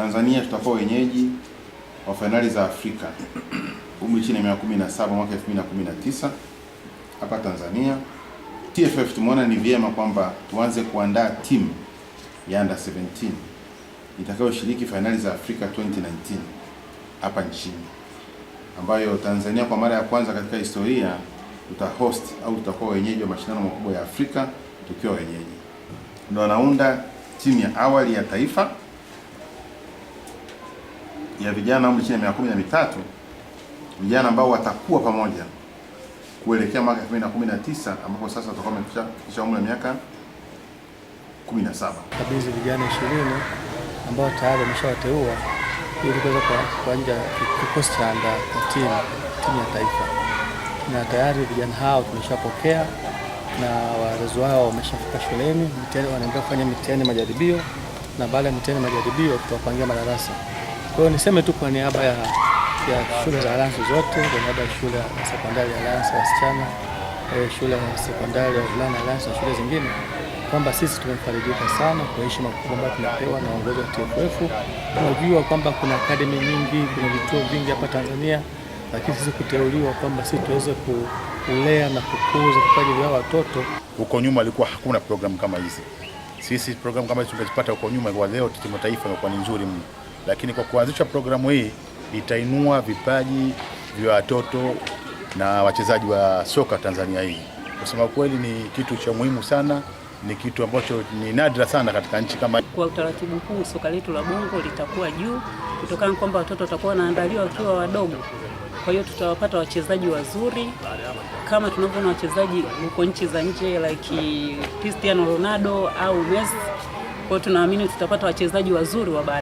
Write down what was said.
Tanzania tutakuwa wenyeji wa fainali za Afrika umri chini ya miaka 17 mwaka 2019 hapa Tanzania. TFF tumeona ni vyema kwamba tuanze kuandaa timu ya under 17 itakayoshiriki fainali za Afrika 2019 hapa nchini, ambayo Tanzania kwa mara ya kwanza katika historia tuta host au tutakuwa wenyeji wa mashindano makubwa ya Afrika tukiwa wenyeji, ndio wanaunda timu ya awali ya taifa ya vijana umri chini ya miaka kumi na mitatu vijana ambao watakuwa pamoja kuelekea mwaka 2019 ambapo sasa tutakuwa tumefikisha umri wa miaka 17. Kabidhi vijana 20 ambao tayari wameshawateua ili kuweza kuanja kikosi cha anda timu timu ya taifa, na tayari vijana hao tumeshapokea na wazazi wao wameshafika shuleni, wanaendelea kufanya mitihani majaribio, na baada ya mitihani majaribio tutawapangia madarasa. Kwa hiyo niseme tu kwa niaba ya, ya shule za Alliance zote, kwa niaba ya shule ya sekondari ya Alliance wasichana, eh, shule ya sekondari ya vulana Alliance na shule zingine kwamba sisi tumefarijika sana kwa heshima kubwa ambayo tumepewa na uongozi wa TFF. Tunajua kwamba kuna akademi nyingi, kuna vituo vingi hapa Tanzania, lakini sisi kuteuliwa kwamba sisi tuweze kulea na kukuza vipaji vya watoto. Huko nyuma alikuwa hakuna programu kama hizi. Sisi programu kama hizi tungezipata huko nyuma, kwa leo timu taifa imekuwa ni nzuri mno lakini kwa kuanzisha programu hii itainua vipaji vya watoto na wachezaji wa soka Tanzania hii. Kusema kweli, ni kitu cha muhimu sana, ni kitu ambacho ni nadra sana katika nchi kama. Kwa utaratibu huu soka letu la Bongo litakuwa juu, kutokana kwamba watoto watakuwa wanaandaliwa wakiwa wadogo. Kwa hiyo tutawapata wachezaji wazuri kama tunavyoona wachezaji huko nchi za nje like Cristiano Ronaldo au Messi. Kwa hiyo tunaamini tutapata wachezaji wazuri wa